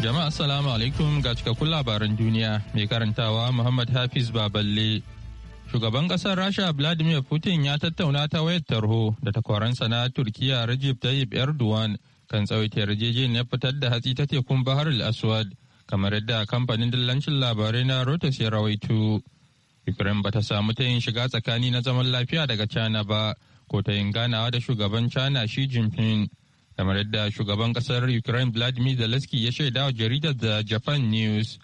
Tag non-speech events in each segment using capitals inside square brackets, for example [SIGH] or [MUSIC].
Jama'a Assalamu alaikum ga cikakkun labaran duniya mai karantawa Muhammad Hafiz Baballe. Shugaban ƙasar Rasha Vladimir Putin ya tattauna ta wayar tarho da takwaransa na Turkiya Recep Tayyip Erdogan kan tsawaita yarjejeniyar fitar da hatsi ta tekun Bahar al-Aswad kamar yadda kamfanin dillancin labarai na Reuters ya rawaito. Ukraine bata samu ta yin shiga tsakani na zaman lafiya daga China ba ko ta yin ganawa da shugaban China Xi Jinping kamar yadda shugaban kasar ukraine vladimir zelensky ya shaida wa jaridar the japan news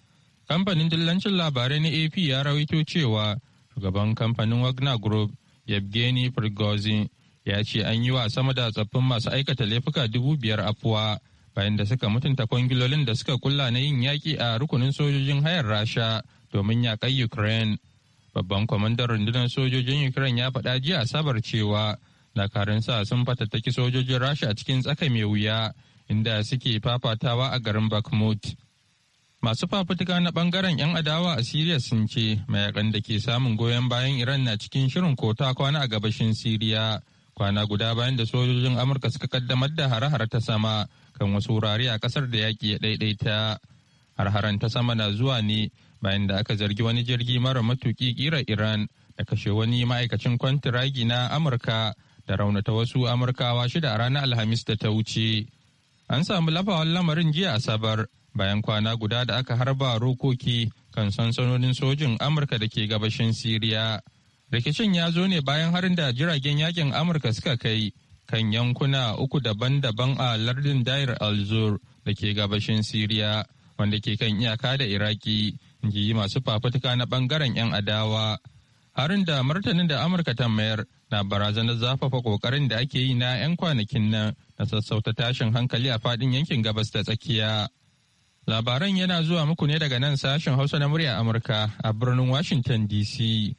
kamfanin dillancin labarai na ap ya rawaito cewa shugaban kamfanin wagner group yevgeny prigozhin ya ce an yi wa sama da tsaffin masu aikata laifuka dubu biyar afuwa bayan da suka mutunta kwangilolin da suka kulla na yin yaƙi a rukunin sojojin hayar rasha domin yaƙar ukraine babban kwamandan rundunar sojojin ukraine ya faɗa jiya asabar cewa dakarun sa sun fatattaki sojojin rasha a cikin tsaka mai wuya inda suke fafatawa a garin bakhmut masu fafutuka na bangaren 'yan adawa a siriya sun ce mayakan da ke samun goyon bayan iran na cikin shirin kota kwana a gabashin siriya kwana guda bayan da sojojin amurka suka kaddamar da hare-hare ta sama kan wasu wurare a kasar da yaƙi ya ɗaiɗaita har-haren ta sama na zuwa ne bayan da aka zargi wani jirgi mara matuƙi ƙira iran da kashe wani ma'aikacin kwantiragi na amurka da raunata wasu amurkawa shida a ranar alhamis da ta wuce an samu lafawan lamarin jiya asabar bayan kwana guda da aka harba rokoki kan sansanonin sojin amurka da ke gabashin siriya rikicin ya zo ne bayan harin da jiragen yakin amurka suka kai kan yankuna uku daban-daban a lardin dair al-zur da ke gabashin siriya wanda ke kan iyaka da iraki ji masu fafutuka na bangaren 'yan adawa harin da martanin da amurka ta mayar na barazanar zafafa kokarin da ake yi na 'yan kwanakin nan na sassauta tashin hankali a fadin yankin gabas da tsakiya. Labaran yana zuwa muku ne daga nan sashen Hausa na murya Amurka a birnin Washington DC.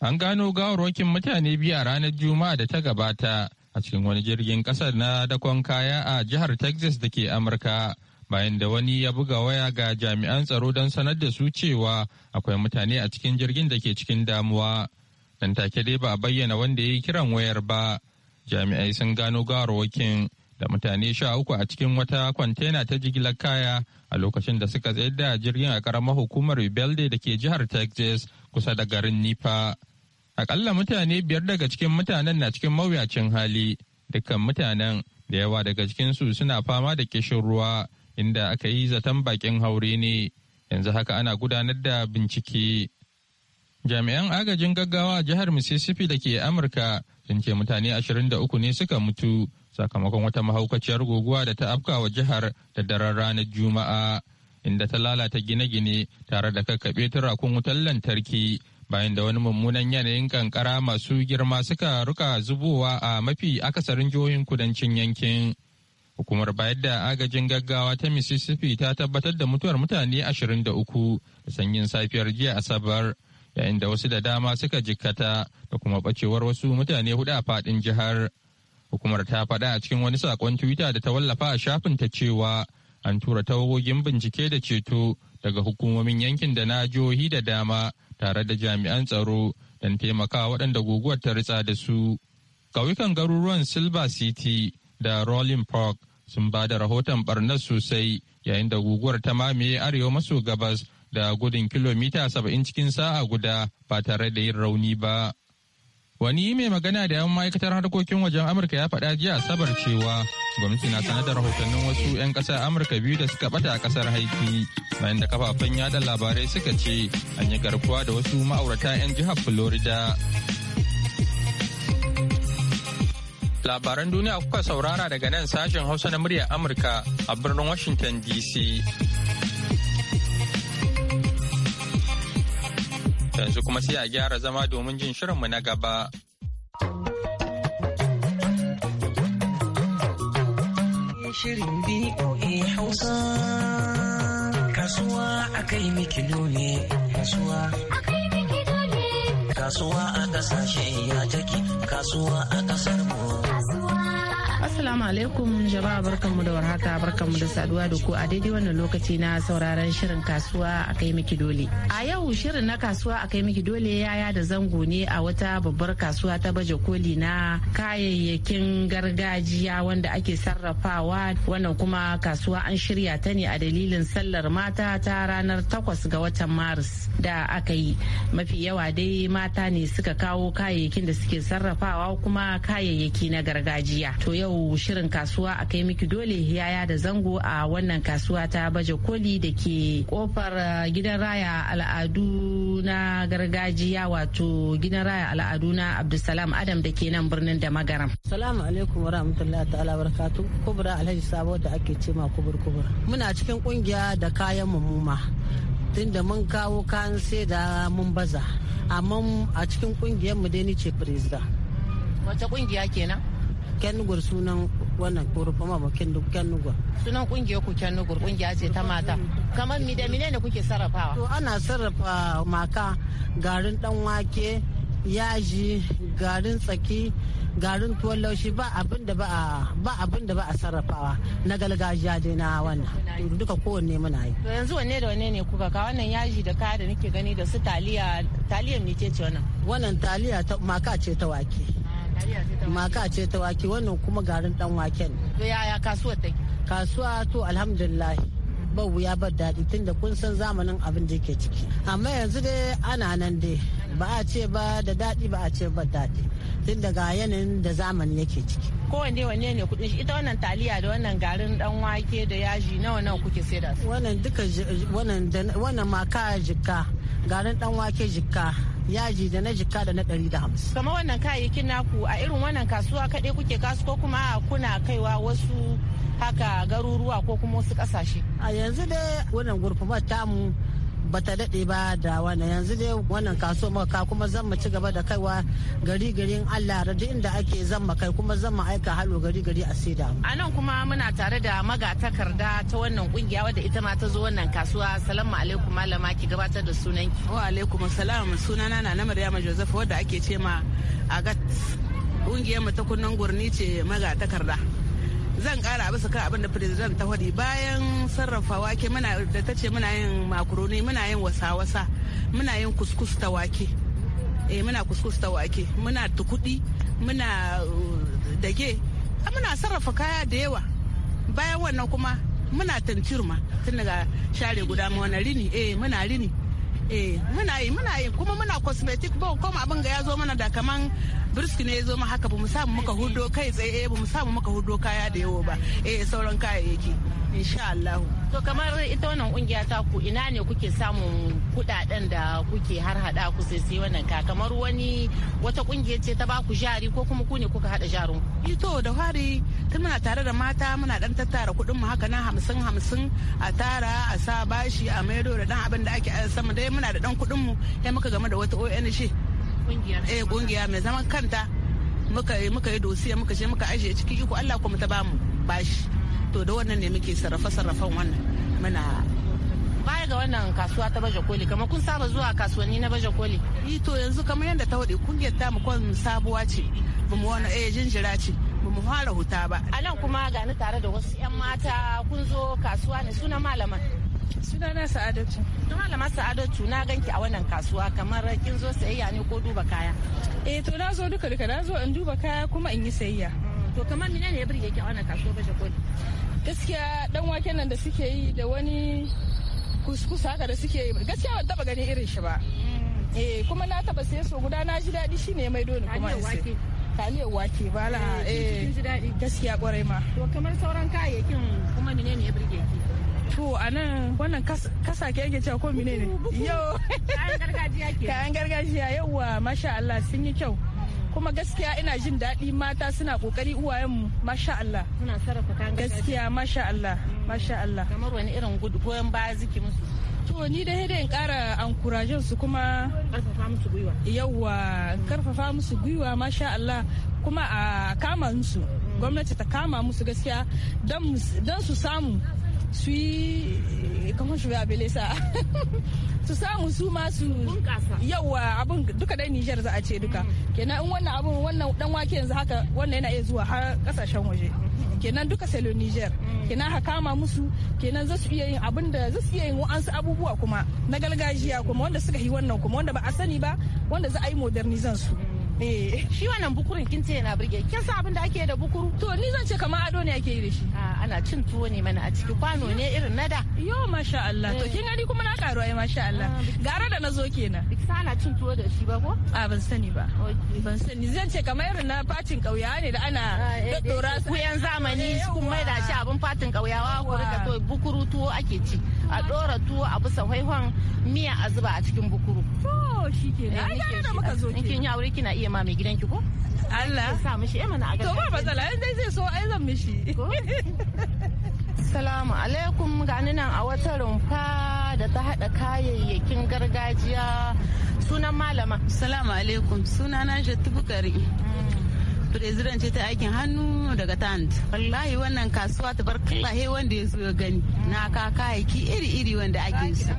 An gano gawarwakin mutane biyu a ranar Juma'a da ta gabata a cikin wani jirgin kasar na dakon kaya a jihar Texas da ke Amurka bayan da wani ya buga waya ga jami'an tsaro don sanar da su cewa akwai mutane a cikin jirgin da ke cikin damuwa. Nan take dai ba a bayyana wanda ya yi kiran wayar ba. Jami'ai sun gano gawarwakin da mutane sha uku a cikin wata kwantena ta jigilar kaya a lokacin da suka tsayar da jirgin a karamar hukumar rebelde da ke jihar Texas kusa da garin Nipa. Akalla mutane biyar daga cikin mutanen na cikin mawuyacin hali. Dukkan mutanen da yawa daga cikinsu suna fama da kishin ruwa inda aka yi zaton bakin haure ne. Yanzu haka ana gudanar da bincike. Jami'an agajin gaggawa a jihar Mississippi da ke Amurka sun ce mutane 23 ne suka mutu sakamakon wata mahaukaciyar guguwa da ta afkawa jihar da daren ranar Juma'a inda ta lalata gine-gine tare da kakkaɓe turakun wutar lantarki bayan da wani mummunan yanayin kankara masu girma suka ruka zubowa a mafi akasarin jihohin kudancin yankin. Hukumar bayar da agajin gaggawa ta Mississippi ta tabbatar da mutuwar mutane 23 da sanyin safiyar jiya Asabar. yayin da wasu da dama suka jikkata da kuma bacewar wasu mutane hudu a fadin jihar hukumar ta faɗa a cikin wani sakon twitter da ta wallafa a shafin ta cewa an tura tawagogin bincike da ceto daga hukumomin yankin da na jihohi da dama tare da jami'an tsaro don taimakawa waɗanda guguwar ta ritsa da su ƙauyukan garuruwan silver city da rolling park sun ba da rahoton barnar sosai yayin da guguwar ta mamaye arewa maso gabas da gudun kilomita saba'in cikin sa'a guda ba tare da yin rauni ba. Wani mai magana da 'yan ma'aikatar harkokin wajen Amurka ya faɗa jiya sabar cewa gwamnati na sanar da wasu 'yan ƙasar Amurka biyu da suka ɓata a ƙasar Haiti bayan da kafafen yada labarai suka ce an yi garkuwa da wasu ma'aurata 'yan jihar Florida. Labaran duniya kuka saurara daga nan sashen Hausa na muryar Amurka a birnin Washington DC. Yanzu kuma sai a gyara zama domin jin shirinmu na gaba. Shirin Hausa Kasuwa a kai ne Kasuwa a kasashen ya take Kasuwa a kasar mu Assalamu alaikum jama'a barkanmu da warhaka barkanmu da saduwa da ku a daidai wannan lokaci na sauraron shirin kasuwa a kai miki dole. A yau shirin na kasuwa a kai miki dole yaya da zango ne a wata babbar kasuwa ta baje koli na kayayyakin gargajiya wanda ake sarrafawa wannan kuma kasuwa an shirya ta ne a dalilin sallar mata ta ranar takwas ga watan Maris da aka yi. Mafi yawa dai mata ne suka kawo kayayyakin da suke sarrafawa kuma kayayyaki na gargajiya. To yau shirin kasuwa a kai miki dole yaya da zango a wannan kasuwa ta baje koli da ke kofar uh, gidan raya al'adu na gargajiya wato gidan raya al'adu na abdulsalam adam da ke nan birnin da magaram. salamu alaikum wa rahmatullahi ta'ala barakatu kubra alhaji sabo da ake ce ma kubur kubur muna cikin kungiya da kayan mumuma tunda mun kawo kan sai da mun baza amma a cikin kungiyar mu dai ni ce firizda. wace kungiya kenan kennugur sunan wannan korufa ma kennugur sunan kungiya ku kennugur kungiya ce ta mata kamar mi da mine ne kuke sarrafawa to ana sarrafa maka garin dan wake yaji garin tsaki garin tuwon laushi ba abin da ba a sarrafawa na galgajiya dai na wannan duka kowanne muna yi to yanzu wanne da wanne ne kuka ka wannan yaji da ka da nake gani da su taliya taliyan ne ce wannan wannan taliya ta maka ce ta wake maka ce ta wake wannan kuma garin dan waken to yaya kasuwar take kasuwa to alhamdulillah ba wuya ba daɗi tunda kun san zamanin abin da yake ciki amma yanzu dai ana nan dai ba a ce ba da daɗi ba a ce ba daɗi tun daga yanayin da zamani yake ciki kowanne wanne ne kudin shi ita wannan taliya da wannan garin dan wake da yaji nawa nawa kuke su wannan duka wannan maka jika garin dan wake jikka yaji da na jikka da na ɗari da hamsin. Kamar wannan kayayyakin naku a irin wannan kasuwa kaɗai kuke kasu ko kuma kuna kaiwa wasu haka garuruwa ko kuma wasu ƙasashe. A yanzu dai wannan gurfumar tamu bata daɗe ba da wani yanzu dai wannan kaso maka kuma zan mu ci gaba da kaiwa gari garin Allah da duk inda ake zan kai kuma zan mu aika halo gari gari a saida a nan kuma muna tare da magatakarda ta wannan kungiya wadda ita ma ta zo wannan kasuwa salamu alaikum malama ki gabatar da sunan ki wa alaikum salam sunana na na Maryama Joseph wadda ake ce ma agat kungiyar mu ta kunnan gurni ce magatakarda zan kara bisa kan abin da president ta hudi bayan sarrafa wake muna da ta ce muna yin makaroni muna yin wasa-wasa muna yin kuskus ta wake eh muna kuskus ta wake muna tukudi muna uh, dage muna sarrafa kaya da yawa bayan wannan kuma muna tantirma tun daga share guda ma wani rini eh muna rini eh muna yi muna yi kuma muna cosmetic ba kuma abin ga ya zo mana da kaman brisk ne ya zo mu haka ba mu samu muka hudo kai tsaye ba mu samu muka hudo kaya da yawa ba eh sauran kayayyaki insha Allah to kamar ita wannan kungiya ta ku ina ne kuke samun kudaden da kuke har hada ku sai sai wannan ka kamar wani wata kungiya ce ta ba ku jari ko kuma ku ne kuka hada jarun ito eh, da fari tun muna tare da mata muna dan tattara kudin mu haka na hamsin hamsin a tara a sa bashi a maido da dan abin da ake sama dai muna da dan kudin mu sai muka game da wata ONG eh kungiya mai zaman kanta muka yi muka yi dosiya muka je muka ajiye cikin iko Allah kuma ta bamu bashi to da wannan ne muke sarrafa sarrafan wannan muna baya ga wannan kasuwa ta baje koli kamar kun saba zuwa kasuwanni na baje koli yi to yanzu kamar yadda ta wade kungiyar ta mu kon sabuwa ce bamu wani eh jinjira ce bamu fara huta ba a nan kuma gani tare da wasu yan mata kun zo kasuwa ne suna malaman Sunana Sa'adatu. Don malama Sa'adatu na ganki a wannan kasuwa kamar kin zo sayayya ne ko duba kaya. Eh to na zo duka duka na zo in duba kaya kuma in yi sayayya. To kamar mina ne ya burge ki a wannan kasuwa ba jakoni. Gaskiya dan waken nan da suke yi da wani kuskus haka da suke yi gaskiya ban taba ganin irin shi ba. Mm. Eh kuma na taba sai so guda na ji daɗi shine mai doni kuma in taliyar wake bala eh, eh gaskiya kwarai ma. To kamar sauran kayayyakin kuma ne ya burge ki? To a nan wannan kasa ke yake cewa ko mine ne? Yau. Kayan gargajiya [LAUGHS] ke. Kayan gargajiya yauwa masha Allah sun yi kyau. kuma gaskiya ina jin daɗi mata suna ƙoƙari uwayenmu masha Allah. Suna sarrafa kayan gaskiya masha Allah masha Allah. Kamar wani irin goyon baya ziki musu. To ni da hede in ƙara ankurajen su kuma. Karfafa musu gwiwa. Yawwa karfafa musu gwiwa masha Allah kuma a kama musu. Mm. Gwamnati ta kama musu gaskiya don su samu su yi kamar shi abele sa su samu su masu yawa abin duka dai Nijar za a ce duka mm-hmm. kenan in wannan abin wannan dan wake yanzu haka wannan yana iya zuwa har kasashen waje mm-hmm. kenan duka selo Niger mm-hmm. kenan ha kama musu kenan za su iya yin abin da za su iya yin wa'ansu abubuwa kuma na gargajiya kuma wanda suka yi wannan kuma wanda ba a sani ba wanda za a yi modernizan eh. shi wannan bukurin kin ce yana burge kin san abin da ake da bukuru to ni zan ce kamar ado ne ake yi da shi ah. Ana cin tuwo ne mana a ciki kwano ne irin na da yo masha Allah to eh. kin gani kuma na karu ai masha Allah ah, gara da nazo kenan biki ana cin tuwo da shi ba ko a ban sani ba ban sani zan ce kamar irin na fatin kauya ne da ana ah, eh, eh, dora su yan zamani su kuma da shi abun fatin kauyawa ko rika to bukuru tuwo ake ci a ɗora tuwo a bisa haihuwan miya a zuba a cikin bukuru. To shi ke na eh, da muka zo ke. In yi aure kina iya ma mai gidanki ko? Allah. Sa mishi eh mana a To ba matsala in dai zai so ai zan mishi. [LAUGHS] Salamu alaikum gani nan a wata rumfa da ta haɗa kayayyakin gargajiya sunan malama. Salamu alaikum sunana Jattu Bukari. Mm. president ce ta aikin hannu daga tant wallahi wannan kasuwa ta bar kallahe wanda ya zo ya gani na ka kayayyaki iri-iri wanda ake so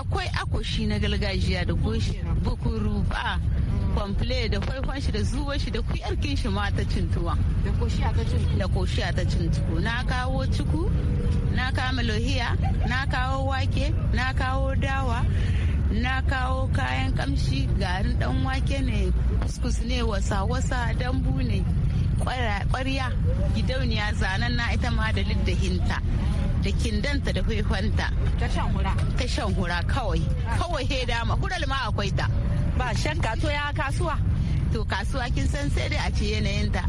akwai akoshi na gargajiya da goshi bukuru ba kwamfule da faifan shi da zuwa shi da kuyarkin shi ma ta cintuwa da koshiya ta cintuwa na kawo ciku na kawo lohiya na kawo wake na kawo dawa na kawo kayan kamshi garin dan wake ne kuskus ne wasa-wasa dambu ne kwarya gidauniya zanen na ita ma da liddahinta da kindanta da huifanta ta shan hura kawai kawai he dama hural ma akwai ta ba shan kato ya kasuwa to kasuwa kin san sai dai a ce yanayinta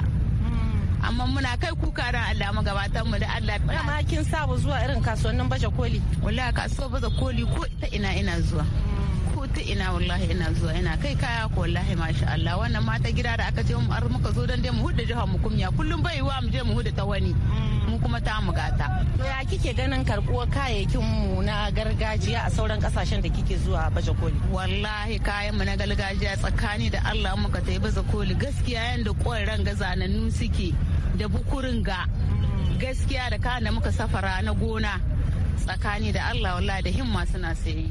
amma muna kai kuka ran Allah gabatar mu da Allah ma kin sabu zuwa irin kasuwannin baje koli wallahi kasuwar baje koli ko ta ina ina zuwa ta ina wallahi ina zuwa ina kai kaya ko wallahi masha Allah wannan mata gida da aka ce mu ar muka zo dan dai mu hudda jihar mu kumya kullum bai wa mu je mu hudda ta wani mm. mu kuma ta mu gata to ya kike ganin karbuwar kayayyakin mu na gargajiya a sauran kasashen da kike zuwa baje koli wallahi kayan mu na gargajiya tsakani da Allah muka yi baje koli gaskiya yanda koran gazanannu suke da bukurin ga mm. gaskiya da kayan da muka safara na gona tsakani da Allah wallahi da himma suna sayi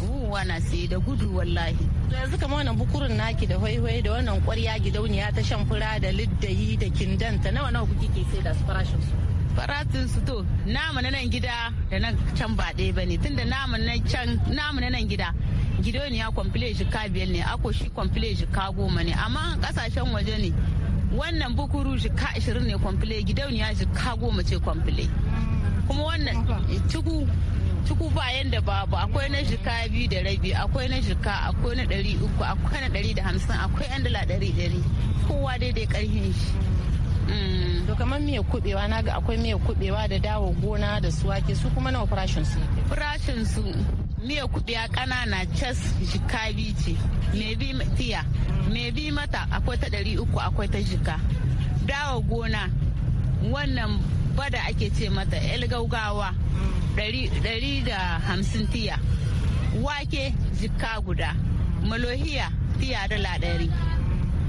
buwa na sayi da gudu wallahi yanzu kamar wannan bukurin naki da hoihoi da wannan kwarya gidauniya ta shan fura da liddayi da kindanta nawa nawa kuke ke sai da su farashin su faratin su to namu na nan gida da na can ba ɗaya ba ne tunda namu na can namu na nan gida gidauniya kwamfile jika biyar ne ako shi kwamfile jika goma ne amma kasashen waje ne wannan bukuru jika ashirin ne kwamfile gidauniya jika goma ce kwamfile kuma wannan tuku tuku ba yanda babu akwai na jika biyu da rabi akwai na jika akwai na ɗari uku akwai na ɗari da hamsin akwai yan dala ɗari ɗari kowa daidai ƙarfin shi mm. to kamar miya kubewa na ga akwai miya kubewa da dawo gona da su wake su kuma nawa farashin su farashin su miya kubewa ƙanana cas jika biyu ce me bi tiya me bi mata akwai ta ɗari uku akwai ta jika dawo gona wannan babba da ake ce mata el gaugawa ɗari da hamsin tiya wake jikka guda malohiya tiya dala ɗari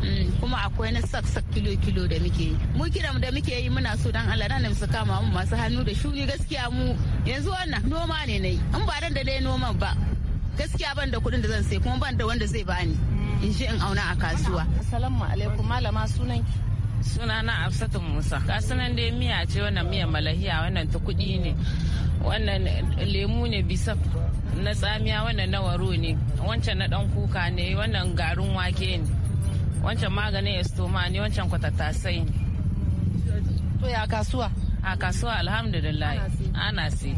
mm, kuma akwai na sak-sak kilo-kilo da muke yi mu kiran da muke yi muna so dan Allah nan su kama mu masu hannu da shuni gaskiya mu yanzu wannan noma ne na yi in ba dan da dai noman ba gaskiya ban da kuɗin da zan sai kuma ban da wanda zai bani in shi in auna a kasuwa assalamu alaikum malama sunan sunana Hafsatu Musa. sunan dai miya ce wannan miya malahiya wannan ta kuɗi ne. Wannan lemu ne bisa. na tsamiya wannan na waro ne. Wancan na ɗan kuka ne wannan garin wake ne. Wancan maganin estoma ne wancan kwatattasai ne. To ya kasuwa? A kasuwa alhamdulillah ana si.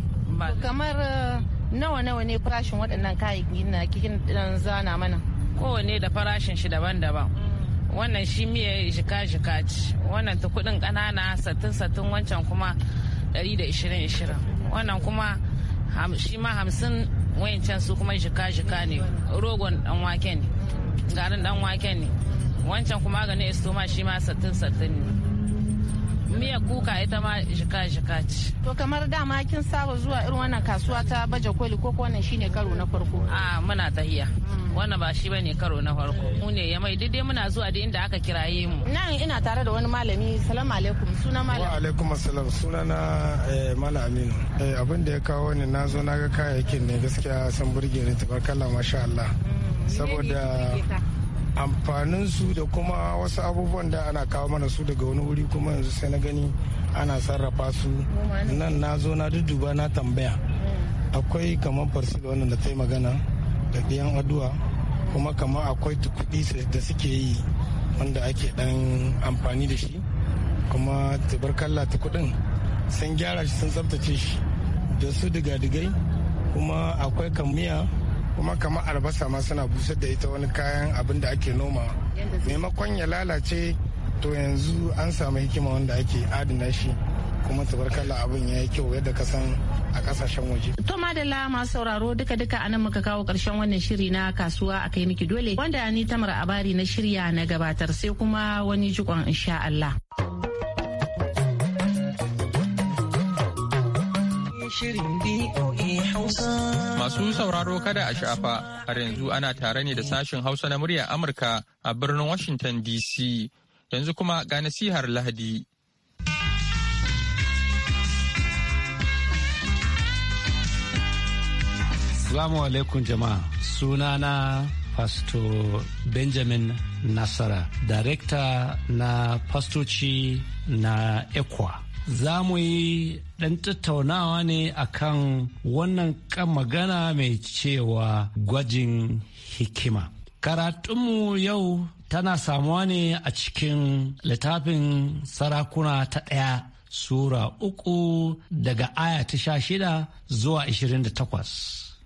Kamar uh, nawa nawa ne farashin waɗannan kayayyaki na kikin zana mana? Kowane da farashin shi daban-daban. wannan shi miye jika jika ci wannan ta kudin kanana satin satin wancan kuma 120 wannan kuma shi ma hamsin wayancan su kuma jika jika ne rogon dan wake ne garin dan wake ne wancan kuma gani ma shi ma satin satin ne miya kuka ita ma jika jika ce to kamar dama kin saba zuwa irin wannan kasuwa ta baje koli ko wannan shine karo na farko a muna tahiya mm. wannan ba shi bane karo na farko mu ne ya mai dai muna zuwa da inda aka kiraye mu nan ina tare da wani malami salamu alaikum suna malami. wa alaikum assalam suna na eh, malam aminu eh, abin da ya kawo ni na zo na ga kayayyakin ne gaskiya san burge ni tabarkalla masha Allah mm. saboda Amfanin su da kuma wasu abubuwan da ana kawo mana su daga wani wuri kuma yanzu sai na gani ana sarrafa su nan na zo na dudduba na tambaya akwai kamar farsil wannan da ta yi magana da biyan addu'a kuma kamar akwai tukudi da suke yi wanda ake dan amfani da shi kuma tabarkalla ta kudin sun gyara shi sun tsabtace shi da su diga-digai kuma akwai kamiya kuma kamar albasa ma suna busar da ita wani kayan abin da ake noma maimakon ya lalace to yanzu an samu hikima wanda ake adana shi kuma tabarkala abin ya yi kyau yadda ka san a kasashen waje. To madalla masu sauraro duka duka a nan muka kawo karshen wannan shiri na kasuwa a kai miki dole wanda ni tamar abari na shirya na gabatar sai kuma wani jikon insha Allah. Shirin Masu sauraro kada a shafa, har yanzu ana tare ne da sashen Hausa na murya Amurka a birnin Washington DC. Yanzu kuma ga nasihar Lahadi. Salamu alaikum jama'a, sunana Pastor Benjamin Nasara, Darekta na Pastoci na Ekwa. za mu yi ɗan tattaunawa ne akan wannan kan magana mai cewa gwajin hikima. Karatunmu yau tana samuwa ne a cikin littafin sarakuna ta ɗaya Sura uku daga aya ta sha shida zuwa ishirin da takwas.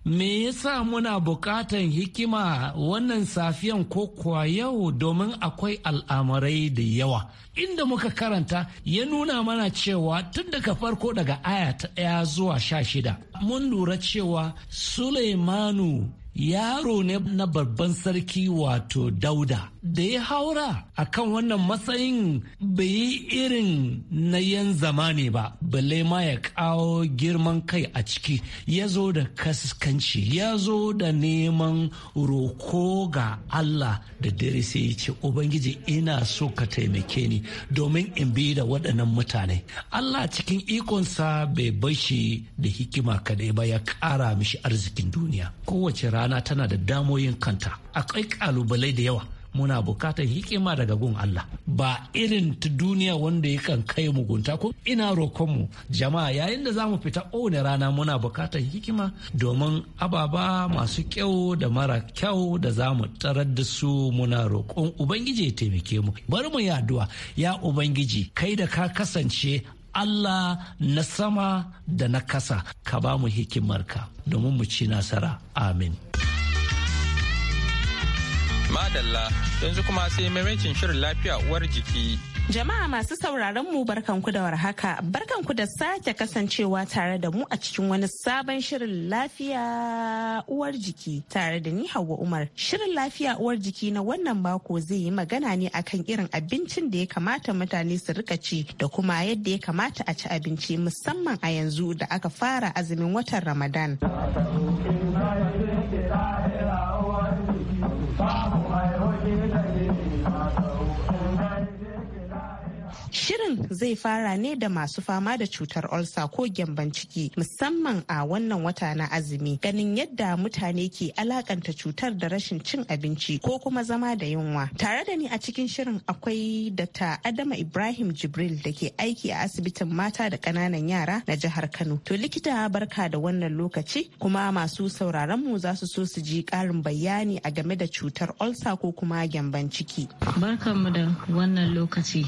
Me yasa muna bukatan hikima wannan safiyan ko kuwa yau domin akwai al'amarai da yawa. Inda muka karanta ya nuna mana cewa tun daga farko daga aya ta ɗaya zuwa sha shida. Mun lura cewa Suleimanu yaro ne na babban sarki wato dauda da ya haura a kan wannan matsayin bai yi irin na yan zamani ba balle ma ya kawo girman kai a ciki ya zo da kaskanci ya zo da neman roko ga allah da dare sai ya ce ubangiji ina so ka taimake ni domin in bi da waɗannan mutane allah cikin ikonsa bai bashi da hikima kadai ba ya ƙara mishi arzikin duniya kowace rana rana tana da damoyin kanta akwai kalubalai da yawa muna bukatar hikima daga gun Allah ba irin ta duniya wanda yakan kai mugunta ko ina rokonmu jama'a yayin da za mu fita kowane rana muna bukatar hikima domin ababa masu kyau da mara kyau da za mu tarar da su muna rokon ubangiji ya taimake mu bari mu yaduwa ya ubangiji kai da ka kasance Allah na sama da na kasa ka ba mu hikimarka domin mu ci nasara amin. Madalla yanzu kuma sai maimacin shirin lafiya uwar jiki. Jama'a masu sauraron mu barkanku da warhaka barkanku da sake kasancewa tare da mu a cikin wani sabon shirin lafiya uwar jiki tare da ni Hauwa Umar. Shirin lafiya uwar jiki na wannan mako zai yi magana ne akan irin abincin da ya kamata mutane su rika ci da kuma yadda ya kamata a ci abinci musamman a yanzu da aka fara azumin watan Ramadan. 大步迈开天地。Shirin zai fara ne da masu fama da cutar olsa ko gyamban ciki musamman a wannan wata na azumi ganin yadda mutane ke alakanta cutar da rashin cin abinci ko kuma zama da yunwa. Tare da ni a cikin shirin akwai ta Adama Ibrahim Jibril da ke aiki a asibitin mata da ƙananan yara na jihar Kano. To likita barka da wannan lokaci kuma masu sauraron mu za su so su ji ƙarin bayani a game da cutar olsa ko kuma gyamban ciki. Barkanmu da wannan lokaci.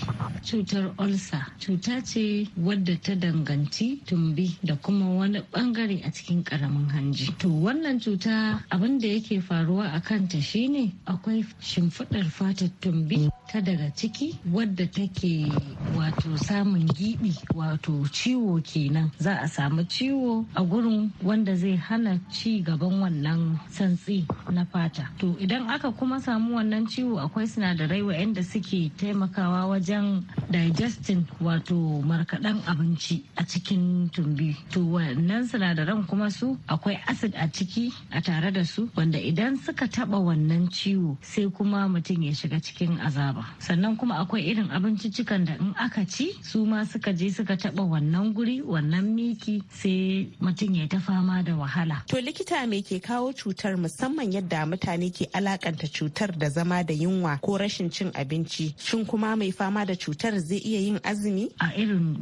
cutar olsa cuta ce wadda ta danganci tumbi da kuma wani bangare a cikin karamin hanji to wannan cuta abin da yake faruwa a kanta shine akwai shimfidar fatar tumbi ta daga ciki wadda take wato samun giɓi wato ciwo kenan za a samu ciwo a gurin wanda zai hana ci gaban wannan santsi na fata to idan aka kuma samu wannan ciwo akwai sinadarai waɗanda suke taimakawa wajen digesting wato markaɗan abinci a cikin tumbi to wannan sinadaran kuma su akwai acid a ciki a tare da su wanda idan suka taɓa wannan ciwo sai kuma mutum ya shiga cikin azaba ba sannan kuma akwai irin abinciccikan da in aka ci su ma suka je suka taba wannan guri wannan miki sai mutum ya ta fama da wahala to likita me ke kawo cutar musamman yadda mutane ke alakanta cutar da zama da yunwa ko rashin cin abinci shin kuma mai fama da cutar zai iya yin azumi a irin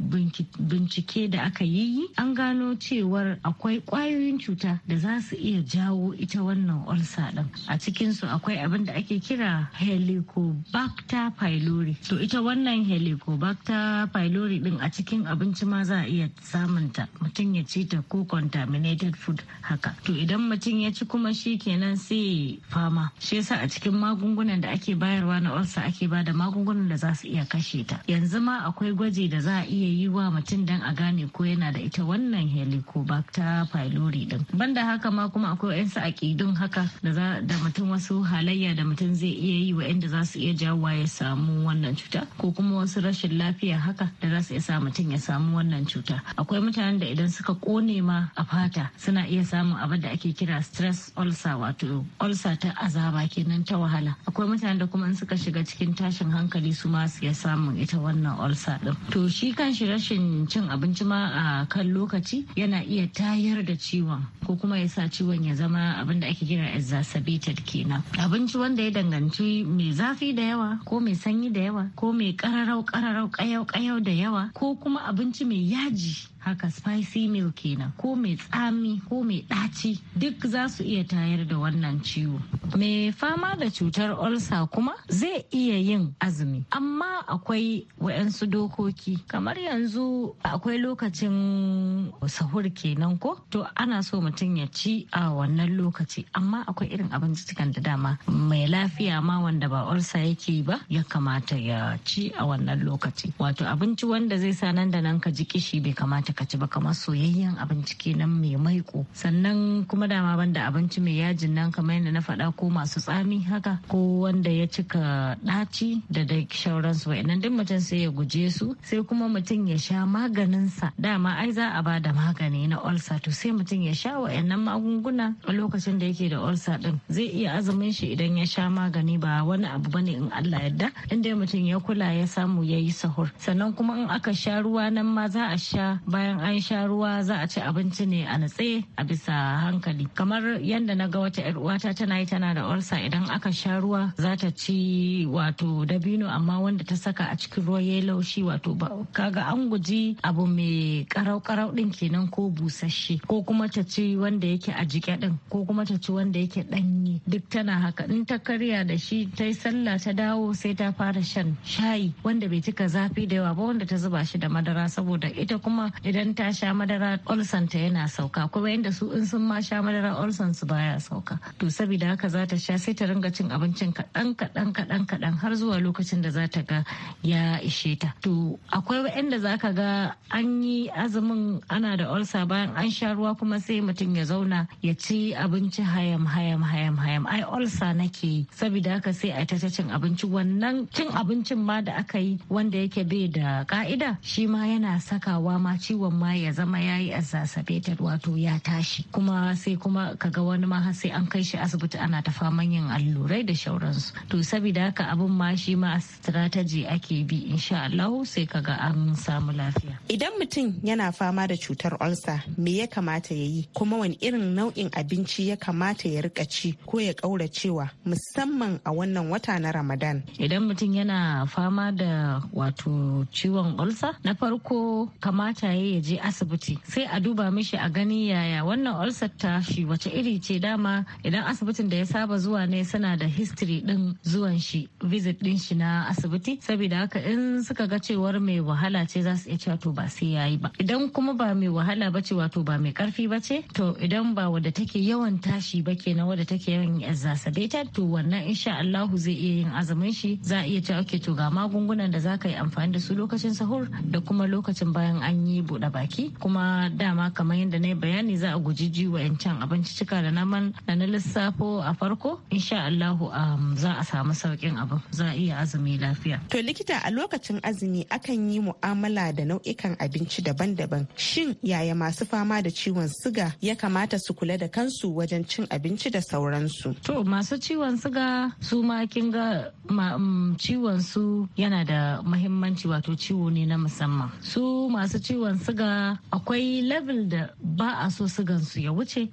bincike da aka yi an gano cewar akwai kwayoyin cuta da za su iya jawo ita wannan olsa din a cikinsu akwai abin da ake kira helicobacter helicobacter pylori to ita wannan helicobacter pylori din a cikin abinci ma za a iya samunta mutum ya ci ta ko contaminated food haka to idan mutum ya ci kuma shi kenan sai fama shi yasa a cikin magungunan da ake bayarwa na ulcer ake bada magungunan da za su iya kashe ta yanzu ma akwai gwaji da za a iya yi wa mutum dan a gane ko yana da ita wannan helicobacter pylori din banda haka ma kuma akwai wasu aƙidun haka da mutum wasu halayya da mutum zai iya yi wa za su iya jawo ya samu wannan cuta ko kuma wasu rashin lafiya haka da za su iya sa mutum ya samu wannan cuta akwai mutanen da idan suka kone ma a fata suna iya samun abin da ake kira stress ulcer wato ulcer ta azaba kenan ta wahala akwai mutanen da kuma in suka shiga cikin tashin hankali su ma su iya samun ita wannan ulcer din to shi kan shi rashin cin abinci ma a kan lokaci yana iya tayar da ciwon ko kuma ya sa ciwon ya zama abin da ake kira exacerbated kenan abinci wanda ya danganci mai zafi da yawa ko mai sanyi da yawa ko mai kararau kararau kayau kayau da yawa ko kuma abinci mai yaji haka spicy meal kenan ko mai tsami ko mai ɗaci duk za su iya tayar da wannan ciwo mai fama da cutar olsa kuma zai iya yin azumi amma akwai wayansu dokoki kamar yanzu akwai lokacin sahur kenan ko to ana so mutum ya ci a wannan lokaci amma akwai irin cikin da dama mai lafiya ma wanda ba olsa yake ba ya kamata ya ci a wannan lokaci wato abinci wanda zai sa nan da nan ka ji kishi bai kamata kaci ba kamar soyayyen abinci kenan mai maiko sannan kuma dama banda abinci mai yajin nan kamar yadda na faɗa ko masu tsami haka ko wanda ya cika ɗaci da da shauransu inan duk mutum sai ya guje su sai kuma mutum ya sha maganinsa dama ai za a bada magani na ulcer to sai mutum ya sha wa'annan magunguna a lokacin da yake da ulcer din zai iya azumin shi idan ya sha magani ba wani abu bane in Allah yarda inda mutum ya kula ya samu ya yi sahur sannan kuma in aka sha ruwa nan ma za a sha bayan bayan an sha ruwa za a ci abinci ne a natse a bisa hankali kamar yadda na ga wata yar uwata tana yi tana da olsa idan aka sha ruwa za ta ci wato dabino amma wanda ta saka a cikin ruwa ya laushi wato kaga an guji abu mai karau karau din kenan ko busasshe ko kuma ta ci wanda yake a jike din ko kuma ta ci wanda yake ɗanye duk tana haka in ta karya da shi ta yi sallah ta dawo sai ta fara shan shayi wanda bai cika zafi da yawa ba wanda ta zuba shi da madara saboda ita kuma idan ta sha madara olsan ta yana sauka kuma yanda su in sun ma sha madara olson su baya sauka to saboda haka za ta sha sai ta ringa cin abincin kaɗan kaɗan kaɗan kaɗan har zuwa lokacin da za ta ga ya ishe ta to akwai waɗanda za ka ga an yi azumin ana da olsa bayan an sha ruwa kuma sai mutum ya zauna ya ci abinci hayam hayam hayam hayam ai olsa nake yi saboda haka sai a ta cin abinci wannan cin abincin ma da aka yi wanda yake bai da ka'ida shi ma yana sakawa ma ci ciwon ma ya zama ya yi exacerbated wato ya tashi kuma sai kuma kaga wani ma sai an kai shi asibiti ana ta faman yin allurai da shauransu to saboda haka abin ma shi ma strategy ake bi insha Allah sai kaga an samu lafiya idan mutum yana fama da cutar ulcer me ya kamata ya yi kuma wani irin nau'in abinci ya kamata ya rika ci ko ya kaura cewa musamman a wannan wata na Ramadan idan mutum yana fama da wato ciwon ulcer na farko kamata ya ya je asibiti sai a duba mishi a gani yaya wannan ulcer ta shi wace iri ce dama idan asibitin da ya saba zuwa ne suna da history din zuwan shi visit din shi na asibiti saboda haka in suka ga cewar mai wahala ce za su iya cewa to ba sai yayi ba idan kuma ba mai wahala ba ce wato ba mai karfi ba ce to idan ba wadda take yawan tashi ba kenan wadda take yawan exacerbated to wannan insha Allah zai iya yin azumin shi za a iya cewa okay to ga magungunan da za ka yi amfani da su lokacin sahur da kuma lokacin bayan an yi buɗe baki kuma dama kamar yadda na yi bayani za a guji ji abinci abinciccika da naman da na lissafo a farko insha Allahu um, za a samu saukin abu za a iya azumi lafiya. To likita a lokacin azumi akan yi mu'amala da nau'ikan abinci daban-daban shin yaya masu fama da ciwon siga ya kamata su kula da kansu wajen cin abinci da sauransu. To masu ciwon siga su ma kin ga um, ciwon su yana da mahimmanci wato ciwo ne na musamman. Su masu ciwon siga akwai level da ba a so sigan su ya wuce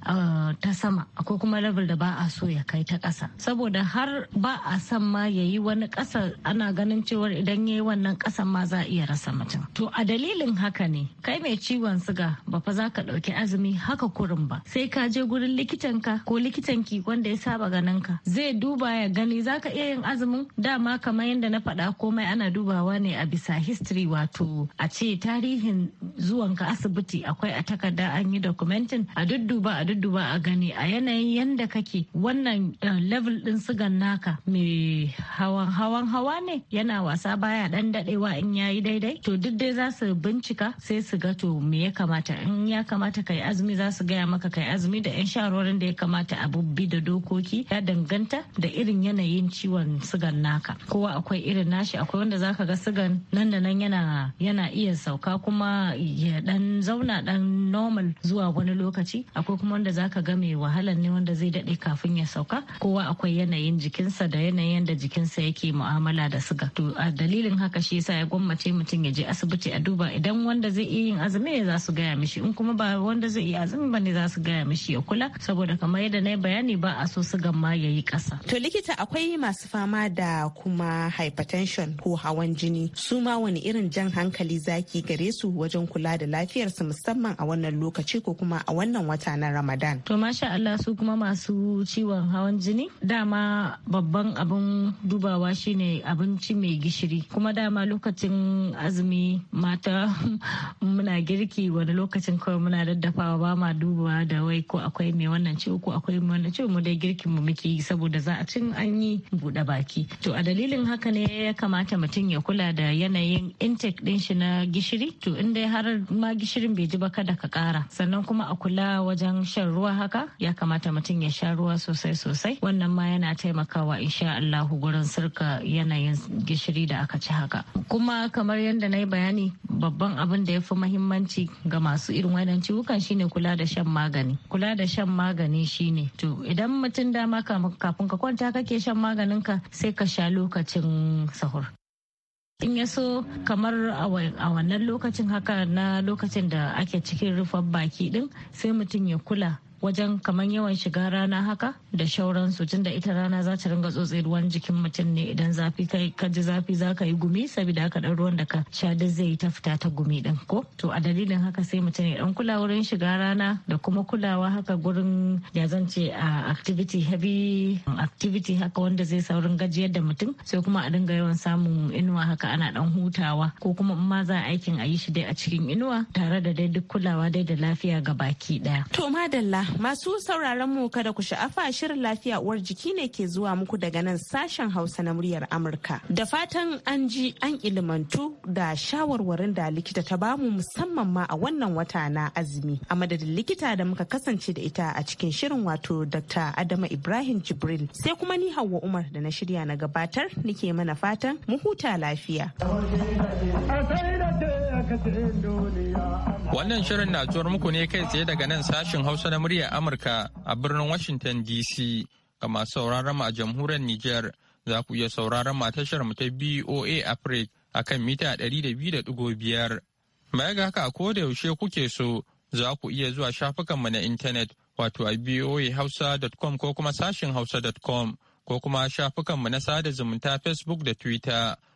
ta sama akwai kuma level da ba a so ya kai ta kasa saboda har ba a san ma ya yi wani kasa ana ganin cewa idan ya yi wannan kasan ma za a iya rasa mutum to a dalilin haka ne kai mai ciwon siga ba fa za ka dauki azumi haka kurin ba sai ka je gurin likitanka ko likitanki wanda ya saba ganin ka zai duba ya gani za ka iya yin azumin dama kamar yadda na faɗa komai ana dubawa ne a bisa history wato a ce tarihin Zuwan ka asibiti akwai a takarda an yi documentin a dudduba a dudduba a gani a yanayin yanda kake wannan eh, level din sigan naka mai hawan hawan hawa ne yana wasa baya dan dadewa in yayi daidai to duk dai za su bincika sai su ga to me ya kamata in ya kamata kai azumi za su gaya maka kai azumi da yan shawarwarin da ya kamata a bubbi da dokoki ya danganta da irin yanayin ciwon sigan naka kowa akwai irin nashi akwai wanda zaka ga sigan nan da nan yana yana iya sauka kuma ya dan zauna dan normal zuwa wani lokaci akwai kuma wanda zaka ga mai wahalan ne wanda zai dade kafin ya sauka kowa akwai yanayin jikinsa da yanayin da jikinsa yake mu'amala da suga to a dalilin haka shi yasa ya gwammace mutum ya je asibiti a duba idan wanda zai iya yin azumi ne za su gaya mishi in kuma ba wanda zai iya azumi ba ne za su gaya mishi ya kula saboda kamar yadda na bayani ba a so sugan ma ya yi kasa. to likita akwai masu fama da kuma hypertension ko hawan jini su ma wani irin jan hankali zaki gare su wajen kula da lafiyarsu musamman a wani wannan lokaci ko kuma a wannan wata na Ramadan. To masha Allah su kuma masu ciwon hawan jini dama babban abin dubawa shine abinci mai gishiri kuma dama lokacin azumi mata [LAUGHS] muna girki wani lokacin kawai muna daddafawa ba ma dubawa da wai ko akwai mai wannan ciwo ko akwai mai wannan ciwo mu dai girkin mu muke yi saboda za a cin an yi buɗe baki. To a dalilin haka ne ya kamata mutum ya kula da yanayin intake din shi na gishiri to in dai har ma gishirin bai ji ba kada ka kara sannan kuma a kula wajen shan ruwa haka ya kamata mutum ya sha ruwa sosai sosai wannan ma yana taimakawa insha Allahu gurin sirka yanayin gishiri da aka ci haka kuma kamar yadda na yi bayani babban abin da ya fi mahimmanci ga masu irin wannan ciwukan shine kula da shan magani kula da shan magani shine to idan mutum dama kafin ka kwanta kake shan maganin ka sai ka sha lokacin sahur in ya so kamar a wannan lokacin haka na lokacin da ake cikin rufar baki din sai mutum ya kula wajen kamar yawan shiga rana haka da shauransu tunda ita rana za ta ringa tsotse ruwan jikin mutum ne idan zafi kai ka ji zafi za ka yi gumi saboda haka dan ruwan da ka sha duk zai yi ta fita ta gumi din ko to a dalilin haka sai mutum ya dan kula wurin shiga rana da kuma kulawa haka gurin ya zance a activity heavy activity haka wanda zai saurin gajiyar da mutum sai kuma a dinga yawan samun inuwa haka ana dan hutawa ko kuma in ma za a aikin a yi shi dai a cikin inuwa tare da dai duk kulawa dai da lafiya ga baki daya to madalla Masu sauraron mu kada ku sha'afa shirin lafiya uwar jiki ne ke zuwa muku daga nan sashen Hausa na muryar Amurka. Da fatan an ji an ilimantu da shawarwarin da likita ta bamu musamman ma a wannan wata na azumi. A madadin likita da muka kasance da ita a cikin shirin wato Dr. Adama Ibrahim Jibril. Sai kuma ni Hauwa Umar da na shirya na gabatar nike mana fatan mu huta lafiya. Wannan shirin na zuwar muku ne kai tsaye daga nan sashin Hausa na muryar Amurka a birnin Washington DC ga masu sauraron mu a jamhuriyar Nijar za ku iya sauraron mu a tashar mu ta BOA Africa akan mita da da biyu 200.5. Baya ga haka ko da yaushe kuke so za ku iya zuwa shafukan mu na intanet wato a boahausa.com ko kuma sashin hausa.com ko kuma shafukan mu na sada zumunta Facebook da Twitter.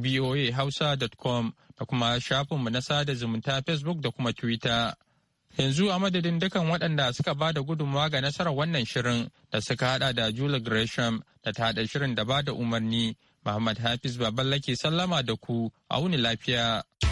voahausa.com da kuma shafinmu na sada zumunta facebook da kuma twitter. Yanzu a madadin dukan waɗanda suka ba da gudunmawa ga nasarar wannan shirin da suka hada da Julie Gresham da ta haɗa shirin da ba da umarni, Muhammad Hafiz Baballake sallama da ku a wuni lafiya.